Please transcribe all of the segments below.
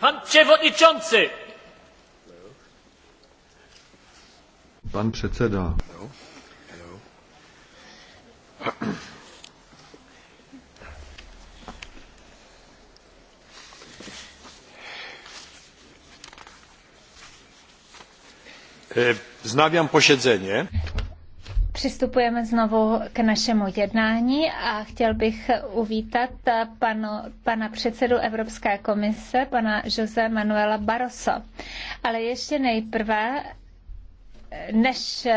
Pan převodničonci! Pan předseda. Znávám Hello. E, posiedzenie. Přistupujeme znovu k našemu jednání a chtěl bych uvítat panu, pana předsedu Evropské komise, pana Jose Manuela Barroso. Ale ještě nejprve než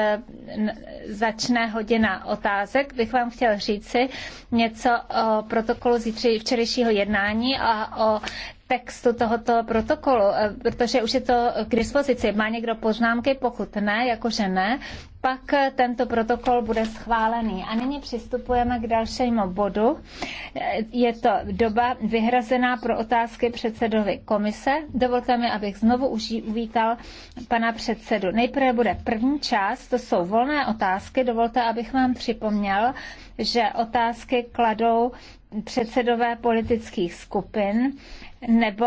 začne hodina otázek, bych vám chtěl říci něco o protokolu zítři, včerejšího jednání a o textu tohoto protokolu, eh, protože už je to k dispozici. Má někdo poznámky? Pokud ne, jakože ne, pak tento protokol bude schválený. A nyní přistupujeme k dalšímu bodu. Je to doba vyhrazená pro otázky předsedovi komise. Dovolte mi, abych znovu uvítal pana předsedu. Nejprve bude první část, to jsou volné otázky. Dovolte, abych vám připomněl, že otázky kladou předsedové politických skupin nebo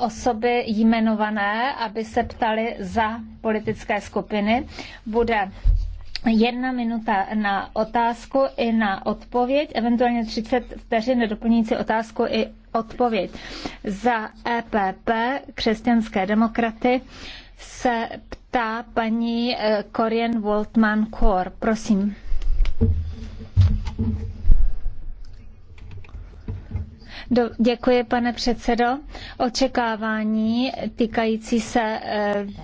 osoby jmenované, aby se ptali za politické skupiny. Bude jedna minuta na otázku i na odpověď, eventuálně 30 vteřin na doplňující otázku i odpověď. Za EPP, křesťanské demokraty, se ptá paní Korien eh, Woltman Kor. Prosím. Děkuji, pane předsedo. Očekávání týkající se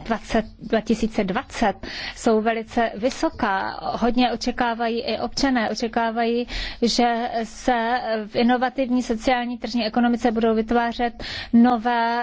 20, eh, 2020 jsou velice vysoká. Hodně očekávají i občané. Očekávají, že se v inovativní sociální tržní ekonomice budou vytvářet nové